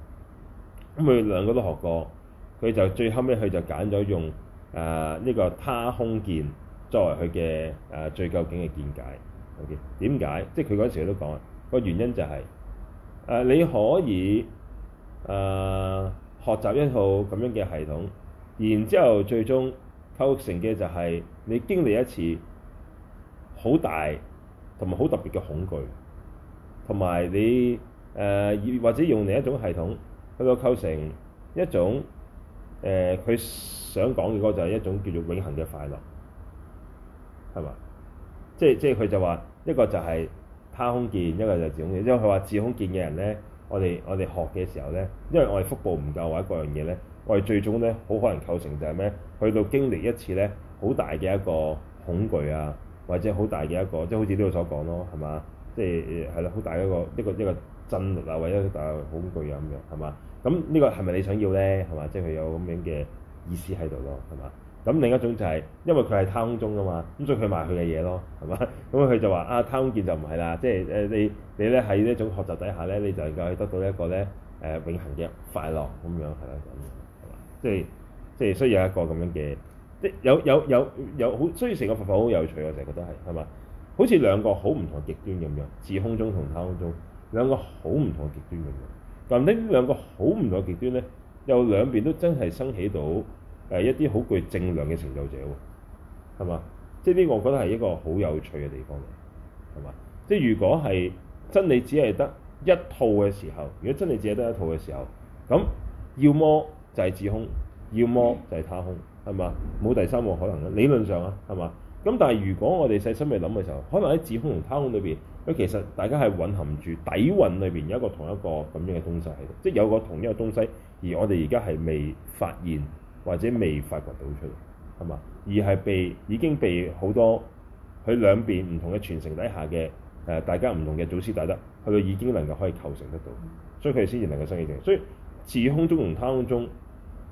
咁佢兩個都學過，佢就最後屘佢就揀咗用啊呢、呃這個他空見作為佢嘅啊最究竟嘅見解。O K，點解？即係佢嗰陣時都講啊個原因就係、是。誒你可以誒、呃、學習一套咁樣嘅系統，然之後最終構成嘅就係你經歷一次好大同埋好特別嘅恐懼，同埋你誒、呃，或者用另一種系統去到構成一種誒，佢、呃、想講嘅嗰就係一種叫做永恆嘅快樂，係嘛？即即係佢就話一個就係、是。空見，一個就自空見，因為佢話自空見嘅人咧，我哋我哋學嘅時候咧，因為我哋福報唔夠或者各樣嘢咧，我哋最終咧好可能構成就係咩？去到經歷一次咧，好大嘅一個恐懼啊，或者好大嘅一個，即係好似呢度所講咯，係嘛？即係係啦，好大一個一個一個震慄啊，或者好大恐懼啊咁樣，係嘛？咁呢個係咪你想要咧？係嘛？即係佢有咁樣嘅意思喺度咯，係嘛？咁另一種就係、是，因為佢係他空宗㗎嘛，咁所以佢賣佢嘅嘢咯，係嘛？咁佢就話啊，他空見就唔係啦，即係誒你你咧喺呢一種學習底下咧，你就能夠得到一個咧誒、呃、永恆嘅快樂咁樣係啦咁樣，係嘛？即係即係需要一個咁樣嘅，即係有有有有好，所以成個佛法好有趣，我成日覺得係，係嘛？好似兩個好唔同極端咁樣，自空宗同他空宗兩個好唔同極端咁樣。但呢兩個好唔同極端咧，又兩邊都真係生起到。誒一啲好具正量嘅成就者喎，係嘛？即係呢，這個、我覺得係一個好有趣嘅地方嚟，係嘛？即係如果係真理只係得一套嘅時候，如果真理只係得一套嘅時候，咁要麼就係自空，要麼就係他空，係嘛？冇第三個可能嘅，理論上啊，係嘛？咁但係如果我哋細心去諗嘅時候，可能喺自空同他空裏邊，佢其實大家係蘊含住底蘊裏邊有一個同一個咁樣嘅東西喺度，即係有個同一個東西，而我哋而家係未發現。或者未發掘到出嚟，係嘛？而係被已經被好多佢兩邊唔同嘅傳承底下嘅，誒、呃，大家唔同嘅祖師大德，佢哋已經能夠可以構成得到，所以佢哋先至能夠生起正。所以自空中同他空中呢、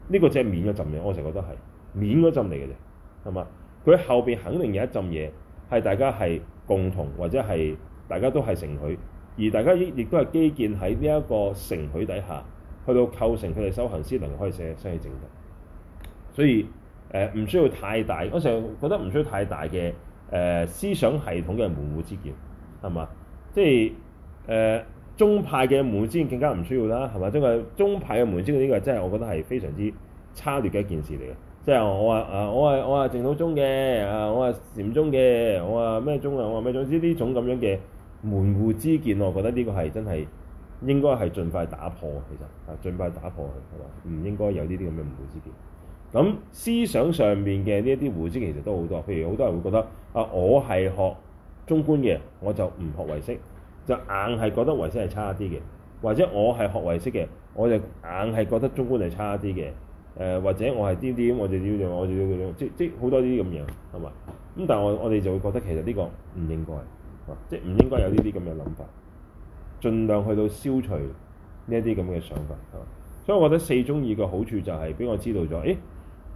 呢個只係面一陣嘢，我成日覺得係面嗰陣嚟嘅啫，係嘛？佢後邊肯定有一陣嘢係大家係共同或者係大家都係承許，而大家亦亦都係基建喺呢一個承許底下去到構成佢哋修行先能夠可以寫生起正。所以誒，唔、呃、需要太大，我成日覺得唔需要太大嘅誒、呃、思想系統嘅門戶之見，係嘛？即係誒、呃、中派嘅門戶之見更加唔需要啦，係嘛？即係中派嘅門戶之見呢、這個真係我覺得係非常之差劣嘅一件事嚟嘅。即、就、係、是、我話啊、呃，我話我話淨土宗嘅啊，我話禪宗嘅，我話咩宗啊？我話咩？總之呢種咁樣嘅門戶之見，我覺得呢個係真係應該係盡快打破，其實係盡快打破佢，係嘛？唔應該有呢啲咁嘅門戶之見。咁思想上面嘅呢一啲誤解其實都好多，譬如好多人會覺得啊，我係學中觀嘅，我就唔學唯識，就硬係覺得唯識係差啲嘅；或者我係學唯識嘅，我就硬係覺得中觀係差啲嘅。誒、呃，或者我係啲啲，我哋要就我哋要嗰即即好多啲咁樣，係咪？咁但係我我哋就會覺得其實呢個唔應該，啊，即係唔應該有呢啲咁嘅諗法，盡量去到消除呢一啲咁嘅想法。所以，我覺得四宗義嘅好處就係俾我知道咗，誒。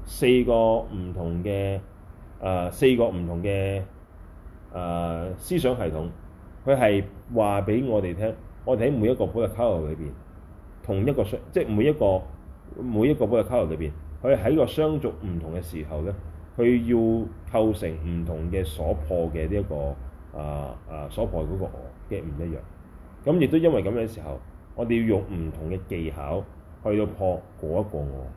四個唔同嘅誒、呃，四個唔同嘅誒、呃、思想系統，佢係話俾我哋聽，我哋喺每一個補特伽羅裏邊，同一個，相，即係每一個每一個補特伽羅裏邊，佢喺個相續唔同嘅時候咧，佢要構成唔同嘅所破嘅呢一個、呃、啊啊所破嗰個我嘅唔一樣，咁亦都因為咁嘅時候，我哋要用唔同嘅技巧去到破嗰一個我。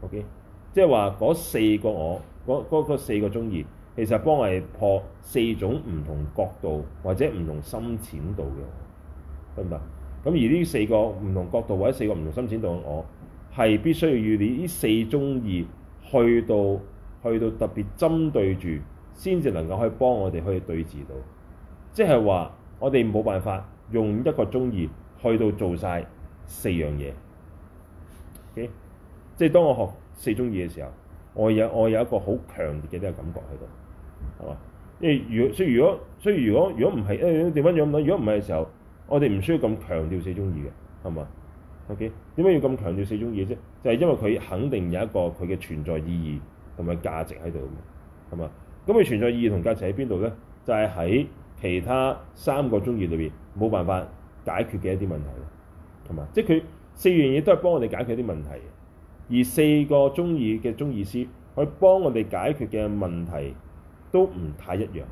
O.K. 即係話嗰四個我，嗰四個宗義其實幫我哋破四種唔同角度或者唔同深淺度嘅我，得唔得？咁而呢四個唔同角度或者四個唔同深淺度嘅我，係必須要與呢四宗義去到去到特別針對住，先至能夠去以幫我哋去對治到。即係話我哋冇辦法用一個宗義去到做晒四樣嘢。Okay? 即係當我學四中二嘅時候，我有我有一個好強烈嘅啲感覺喺度，係嘛？因為如果所以如果所以如果、欸、如果唔係誒點解要咁講？如果唔係嘅時候，我哋唔需要咁強調四中二嘅，係嘛？OK，點解要咁強調四中二啫？就係、是、因為佢肯定有一個佢嘅存在意義同埋價值喺度，係嘛？咁、那、佢、個、存在意義同價值喺邊度咧？就係、是、喺其他三個中業裏邊冇辦法解決嘅一啲問題，同埋即係佢四樣嘢都係幫我哋解決啲問題。而四個中觀嘅中觀師佢可以幫我哋解決嘅問題都唔太一樣，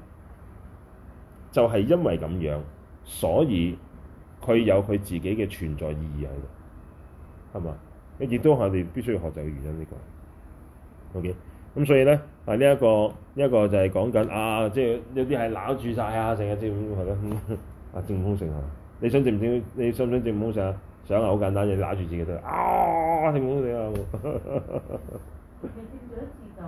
就係因為咁樣，所以佢有佢自己嘅存在意義喺度，係嘛？亦都我哋必須要學習嘅原因呢個。OK，咁所以咧，啊呢一個呢一個就係講緊啊，即係有啲係攬住晒啊，成日即係咁啊證空性啊，你想證唔證？你想唔想證空性啊？想啊，好簡單嘅，你揦住自己對，啊成功你啊！誒，證咗一次就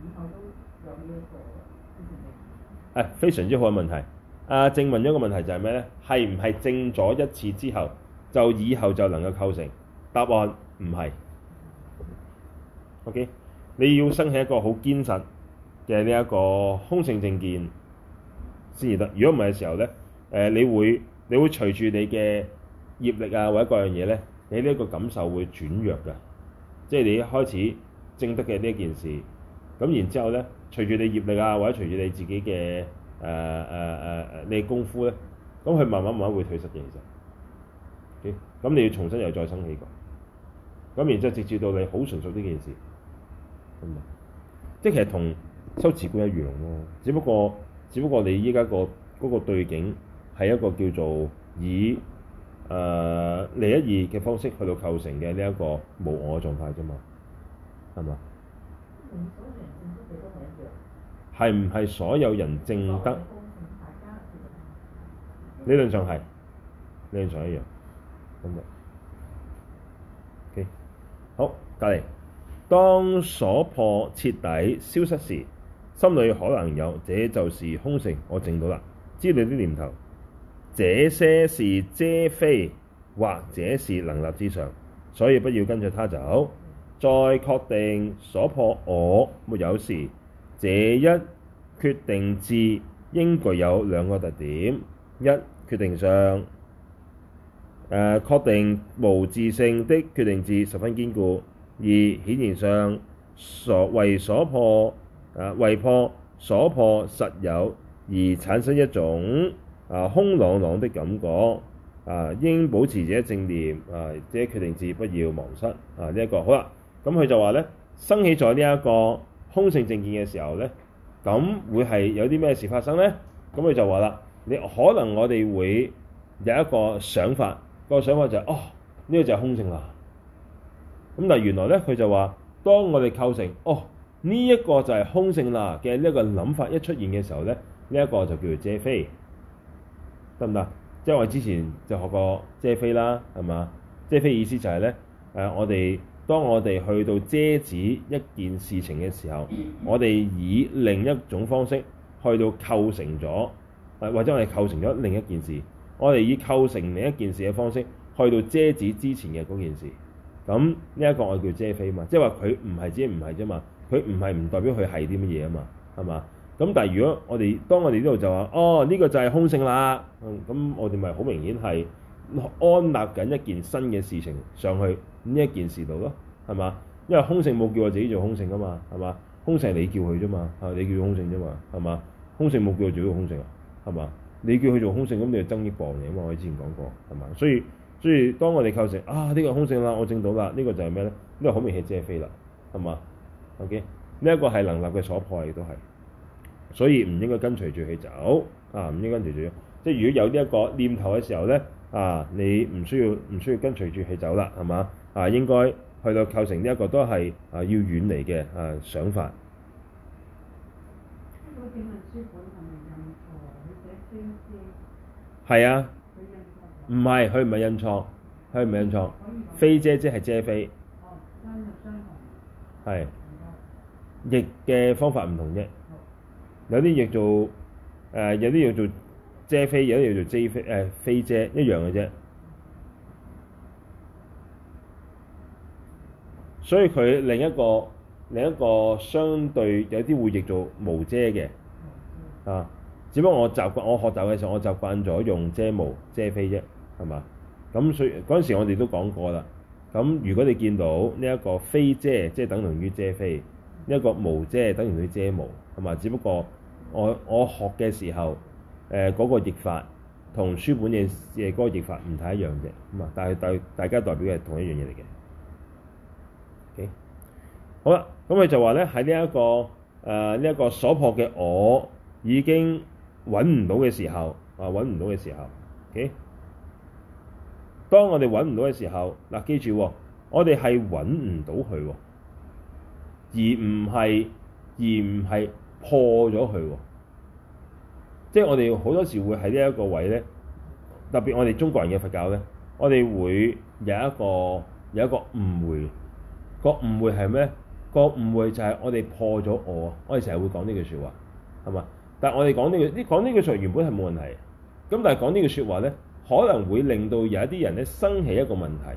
以後都有呢一個。誒，非常之好嘅問題。阿、啊、正問咗個問題就係咩咧？係唔係證咗一次之後就以後就能夠構成？答案唔係。OK，你要生起一個好堅實嘅呢一個空性正見先至得。如果唔係嘅時候咧，誒、呃，你會你會隨住你嘅。業力啊，或者各樣嘢咧，你呢一個感受會轉弱嘅，即係你一開始正得嘅呢一件事，咁然之後咧，隨住你業力啊，或者隨住你自己嘅誒誒誒誒，你嘅功夫咧，咁佢慢慢慢慢會退失嘅，其實，ok，咁你要重新又再生起個，咁然之後直至到你好純熟呢件事，咁、嗯、即係其實同修慈觀一樣咯，只不過只不過你依家個嗰個對境係一個叫做以。誒零、uh，一二嘅方式去到構成嘅呢一個無我嘅狀態啫嘛，係嘛？係唔係所有人證得 ？理論上係，理論上一樣，咁、okay。好，隔離。當所破徹底消失時，心裡可能有，這就是空性」，我證到啦。知你啲念頭。這些是遮非，或者是能立之相，所以不要跟著他走。在確定所破我沒有時，這一決定智應具有兩個特點：一決定相，誒、呃、確定無自性的決定智十分堅固；二顯現相，唯破所破，誒、呃、唯破所破實有而產生一種。啊，空朗朗的感覺，啊，應保持自己正念，啊，這一決定智不要忘失，啊，這個嗯、呢一個好啦。咁佢就話咧，生起咗呢一個空性正見嘅時候咧，咁會係有啲咩事發生咧？咁、嗯、佢就話啦，你可能我哋會有一個想法，這個想法就係、是、哦，呢、這個就係空性啦。咁但原來咧，佢就話，當我哋構成哦，呢一個就係空性啦嘅呢一個諗法一出現嘅時候咧，呢、這、一個就叫做非遮。得唔得？即係我之前就學過遮飛啦，係嘛？遮飛意思就係、是、咧，誒、呃，我哋當我哋去到遮止一件事情嘅時候，我哋以另一種方式去到構成咗，或者我哋構成咗另一件事，我哋以構成另一件事嘅方式去到遮止之前嘅嗰件事。咁呢一個我叫遮飛嘛，即係話佢唔係只唔係啫嘛，佢唔係唔代表佢係啲乜嘢啊嘛，係嘛？咁但係，如果我哋當我哋呢度就話哦，呢、這個就係空性啦。咁、嗯、我哋咪好明顯係安立緊一件新嘅事情上去呢一件事度咯，係嘛？因為空性冇叫我自己做空性噶嘛，係嘛？空性你叫佢啫嘛，係你叫佢空性啫嘛，係嘛？空性冇叫佢做空性啊，係嘛？你叫佢做，做空性，咁你就增益磅嚟啊嘛。我以前講過係嘛？所以所以當我哋構成啊呢、這個空性啦，我證到啦，呢、這個就係咩咧？呢、這個好明顯非遮啦，係嘛？OK 呢一個係能立嘅所破，亦都係。所以唔應該跟隨住佢走啊！唔應該跟隨住，即係如果有呢一個念頭嘅時候咧，啊，你唔需要唔需要跟隨住佢走啦，係嘛？啊，應該去到構成呢、這、一個都係啊，要遠離嘅啊想法。係啊、嗯，唔係佢唔係印錯，佢唔係印錯，非遮遮係遮非，係逆嘅方法唔同啫。有啲譯做誒，有啲譯做遮非，有啲譯做遮非，誒非遮一樣嘅啫。所以佢另一個另一個相對有啲會譯做無遮嘅啊，只不過我習慣我學習嘅時候，我習慣咗用遮無遮非啫，係嘛？咁所以嗰陣時我哋都講過啦。咁如果你見到呢一個非遮，即係等同於遮非；呢一個無遮等同於遮無，係嘛？只不過。我我學嘅時候，誒、呃、嗰、那個譯法同書本嘅嘅嗰個譯法唔太一樣嘅，咁啊，但係代大家代表係同一樣嘢嚟嘅。Okay? 好啦，咁、嗯、佢就話咧，喺呢一個誒呢一個所破嘅我已經揾唔到嘅時候啊，揾唔到嘅時候。當我哋揾唔到嘅時候，嗱、okay? 啊、記住、哦，我哋係揾唔到佢、哦，而唔係而唔係，破咗佢，即係我哋好多時會喺呢一個位咧，特別我哋中國人嘅佛教咧，我哋會有一個有一個誤會，個誤會係咩咧？個誤會就係我哋破咗我，我哋成日會講呢句說話，係嘛？但係我哋講呢句，呢講呢句說話原本係冇問題，咁但係講呢句說話咧，可能會令到有一啲人咧生起一個問題。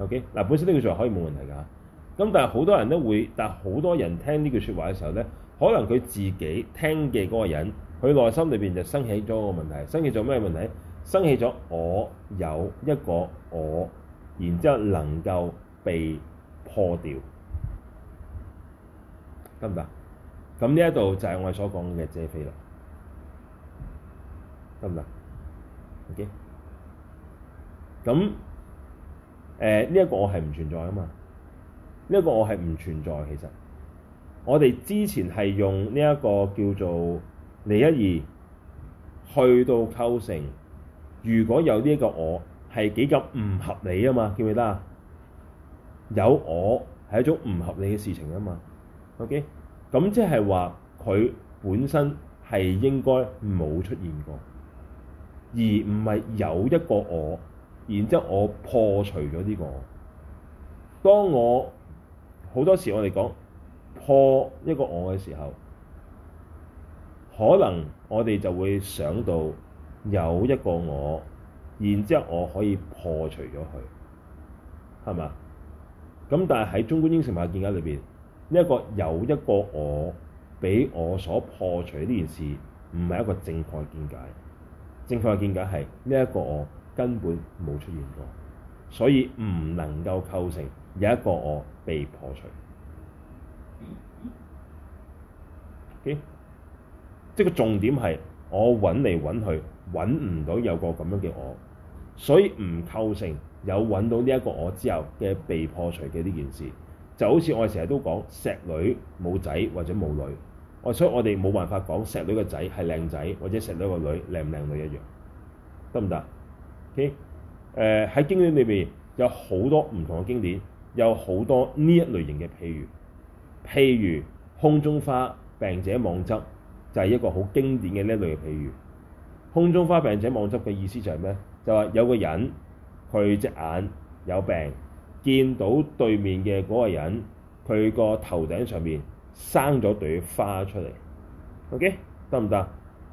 O K，嗱，本身呢句說話可以冇問題噶，咁但係好多人都會，但係好多人聽呢句說話嘅時候咧。可能佢自己聽嘅嗰個人，佢內心裏邊就升起咗個問題，升起咗咩問題？升起咗我有一個我，然之後能夠被破掉，得唔得？咁呢一度就係我所講嘅遮非啦，得唔得？OK，咁誒呢一個我係唔存在噶嘛，呢一個我係唔存在其實。我哋之前係用呢一個叫做離一異去到構成，如果有呢一個我係幾咁唔合理啊嘛？記唔記得啊？有我係一種唔合理嘅事情啊嘛。OK，咁即係話佢本身係應該冇出現過，而唔係有一個我，然之後我破除咗呢個我。當我好多時，我哋講。破一個我嘅時候，可能我哋就會想到有一個我，然之後我可以破除咗佢，係嘛？咁但係喺中觀應成派嘅見解裏邊，呢一個有一個我俾我所破除呢件事，唔係一個正確嘅見解。正確嘅見解係呢一個我根本冇出現過，所以唔能夠構成有一個我被破除。Okay? 即係個重點係，我揾嚟揾去，揾唔到有個咁樣嘅我，所以唔構成有揾到呢一個我之後嘅被破除嘅呢件事。就好似我哋成日都講，石女冇仔或者冇女，我所以我哋冇辦法講石女個仔係靚仔，或者石女個女靚唔靚女一樣，得唔得？Okay？誒，喺經典裏面有好多唔同嘅經典，有好多呢一類型嘅譬如。譬如空中花病者妄執，就係一個好經典嘅呢類嘅譬如。空中花病者妄執嘅意思就係咩？就話有個人，佢隻眼有病，見到對面嘅嗰個人，佢個頭頂上面生咗對花出嚟。OK，得唔得？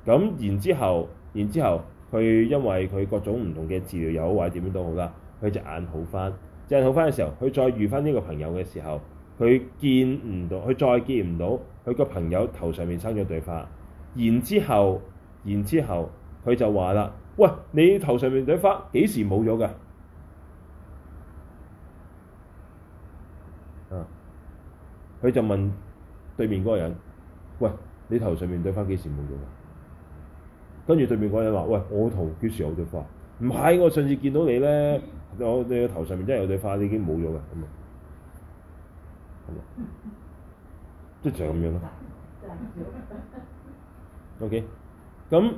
咁然之後，然之後佢因為佢各種唔同嘅治療又好，或者點樣都好啦，佢隻眼好翻。隻眼好翻嘅時候，佢再遇翻呢個朋友嘅時候。佢見唔到，佢再見唔到，佢個朋友頭上面生咗朵花，然之後，然之後，佢就話啦：喂，你頭上面朵花幾時冇咗㗎？啊，佢就問對面嗰人：喂，你頭上面朵花幾時冇咗㗎？跟住對面嗰人話：喂，我同幾時有朵花？唔係，我上次見到你咧，我你個頭上面真係有朵花，你已經冇咗㗎。咁即係就咁樣咯。OK，咁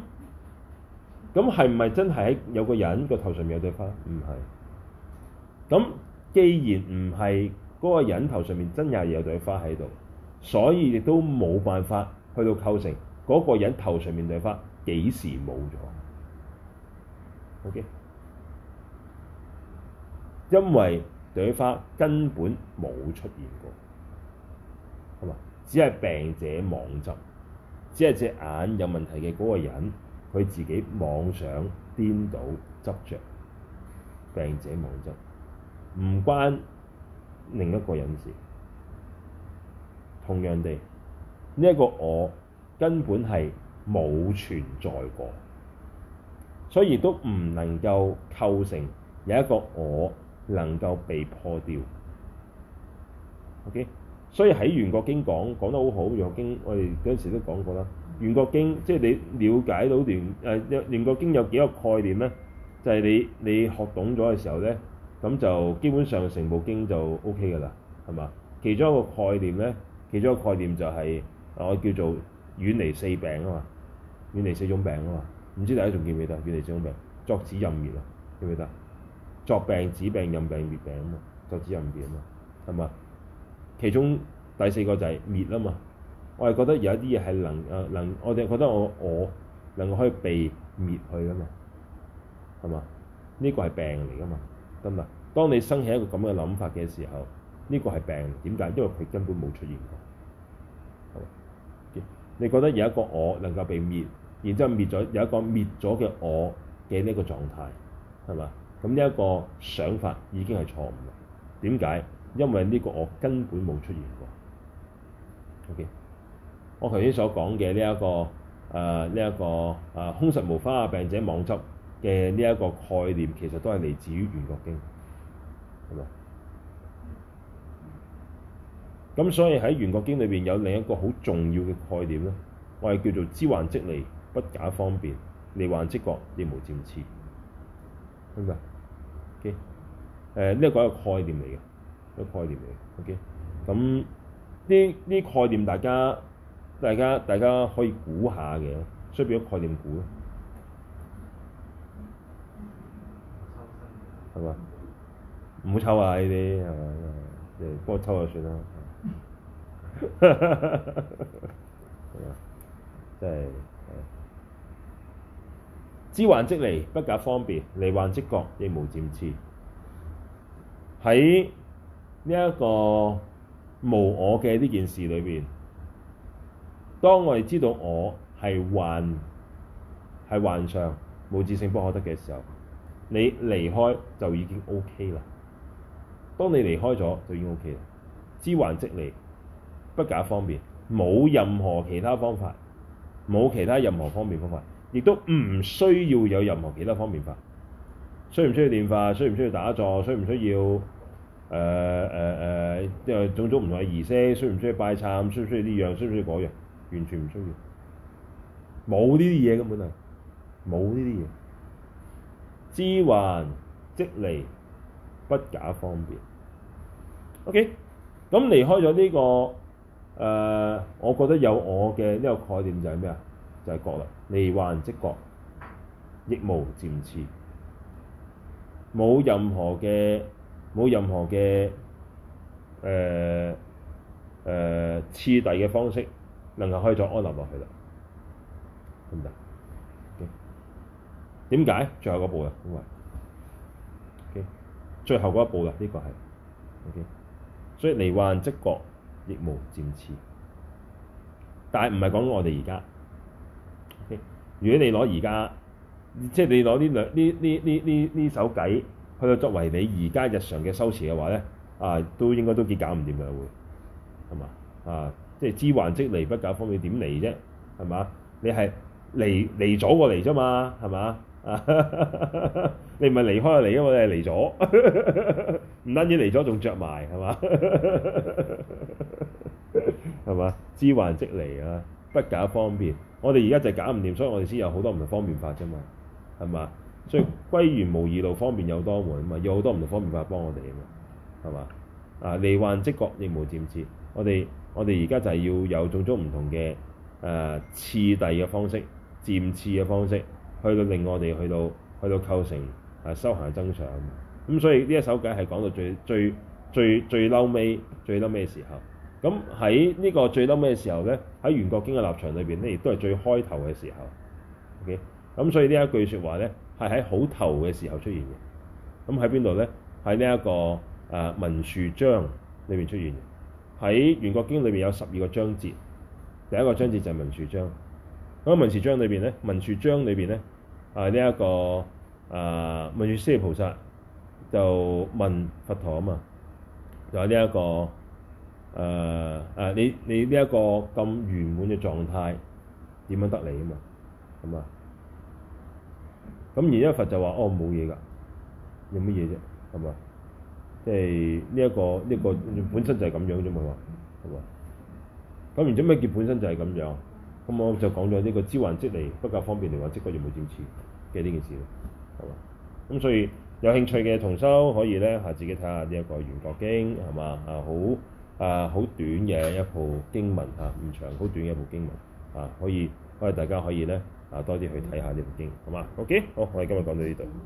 咁係唔係真係喺有個人個頭上面有朵花？唔係。咁既然唔係嗰個人頭上面真係有朵花喺度，所以亦都冇辦法去到構成嗰個人頭上面朵花幾時冇咗？OK，因為。朵花根本冇出現過，係嘛？只係病者妄執，只係隻眼有問題嘅嗰個人，佢自己妄想顛倒執着。病者妄執，唔關另一個人事。同樣地，呢一個我根本係冇存在過，所以都唔能夠構成有一個我。能夠被破掉，OK，所以喺《圓覺經》講講得好好。《圓覺經》我哋嗰陣時都講過啦，《圓覺經》即係你瞭解到圓誒《圓覺經》有幾個概念咧，就係你你學懂咗嘅時候咧，咁就基本上成部經就 OK 㗎喇，係嘛？其中一個概念咧，其中一個概念就係我叫做遠離四病啊嘛，遠離四種病啊嘛，唔知大家仲記唔記得遠離四種病作止任滅啊，記唔記得？作病止病任病滅病啊嘛，就止任滅啊嘛，係嘛？其中第四個就係滅啊嘛。我係覺得有一啲嘢係能誒能，我哋覺得我我能夠可以被滅去啊嘛，係嘛？呢個係病嚟噶嘛，得嘛？當你生起一個咁嘅諗法嘅時候，呢個係病，點解？因為佢根本冇出現過，係嘛？你覺得有一個我能夠被滅，然之後滅咗有一個滅咗嘅我嘅呢個狀態，係嘛？咁呢一個想法已經係錯誤啦。點解？因為呢個我根本冇出現過。OK，我頭先所講嘅呢一個誒呢一個誒、呃、空實無花病者妄執嘅呢一個概念，其實都係嚟自於《圓覺經》，係嘛？咁所以喺《圓覺經》裏邊有另一個好重要嘅概念咧，我係叫做知幻即離，不假方便；離幻即覺，亦無漸次。係咪啊、誒呢個係一個概念嚟嘅，一個概念嚟。嘅、okay. 嗯。O K，咁呢呢概念大家大家大家可以估下嘅，所以變咗概念估咯、嗯，係嘛？唔好抽啊！呢啲係嘛？你幫我抽下算啦。係嘛？ 即係。知幻即離，不假方便；離幻即覺，亦無漸次。喺呢一個無我嘅呢件事裏邊，當我哋知道我係幻，係幻相，無自性不可得嘅時候，你離開就已經 OK 啦。當你離開咗就已經 OK 啦。知幻即離，不假方便，冇任何其他方法，冇其他任何方便方法。亦都唔需要有任何其他方便法，需唔需要煉化？需唔需要打坐？需唔需要誒誒誒，即、呃、係、呃呃、種種唔同嘅儀式？需唔需要拜懺？需唔需要呢樣？需唔需要嗰樣？完全唔需要，冇呢啲嘢根本係，冇呢啲嘢，知幻即離，不假方便。OK，咁離開咗呢、這個誒、呃，我覺得有我嘅呢個概念就係咩啊？就係覺啦。離幻即覺，亦無漸次，冇任何嘅冇任何嘅誒誒次第嘅方式，能夠可以再安立落去啦，咁得唔得？OK，點解最後嗰步啊？因為，okay。最後嗰一步啦，呢個係 OK，所以離幻即覺，亦無漸次，但係唔係講我哋而家。如果你攞而家，即係你攞呢兩呢呢呢呢呢首偈去作為你而家日常嘅修持嘅話咧，啊都應該都幾搞唔掂嘅會，係嘛啊？即係知幻即離，不假方便，點離啫？係嘛？你係嚟離左過嚟啫嘛？係嘛？你唔係離開嚟嘅嘛？你係離咗，唔單止離咗，仲着埋，係嘛？係嘛？知幻即離啊，不假方便。 我哋而家就搞唔掂，所以我哋先有好多唔同方便法啫嘛，係嘛？所以歸元無二路，方便有多門啊嘛，有好多唔同方便法幫我哋啊嘛，係嘛？啊離幻即覺亦無漸次，我哋我哋而家就係要有種種唔同嘅誒、啊、次第嘅方式、漸次嘅方式，去到令我哋去到去到構成啊修行嘅增長。咁所以呢一首偈係講到最最最最嬲尾、最嬲尾嘅時候。咁喺呢個最嬲尾嘅時候咧？喺《圓覺經》嘅立場裏邊咧，亦都係最開頭嘅時候。OK，咁所以呢一句説話咧，係喺好頭嘅時候出現嘅。咁喺邊度咧？喺呢一個誒、呃、文殊章裏邊出現嘅。喺《圓覺經》裏邊有十二個章節，第一個章節就係文殊章。咁文殊章裏邊咧，文殊章裏邊咧，啊呢一、這個誒、呃、文殊師利菩薩就問佛陀啊嘛，就係呢一個。誒誒、uh，你你呢一個咁圓滿嘅狀態點樣得嚟啊？嘛咁啊，咁而一佛就話：哦，冇嘢㗎，有乜嘢啫？係嘛，即係呢一個呢一、這個、本身就係咁樣啫嘛，係嘛。咁然之後咩叫本身就係咁樣？咁我就講咗呢個支還即嚟，不夠方便嚟話即係要冇招次，嘅呢件事咯，係嘛。咁所以有興趣嘅同修可以咧嚇自己睇下呢一、這個《圓覺經》，係嘛啊，好。啊，好短嘅一部經文嚇，唔、啊、長，好短嘅一部經文嚇、啊，可以，我哋大家可以呢，啊，多啲去睇下呢部經文，好嘛？OK，好，我哋今日講到呢度。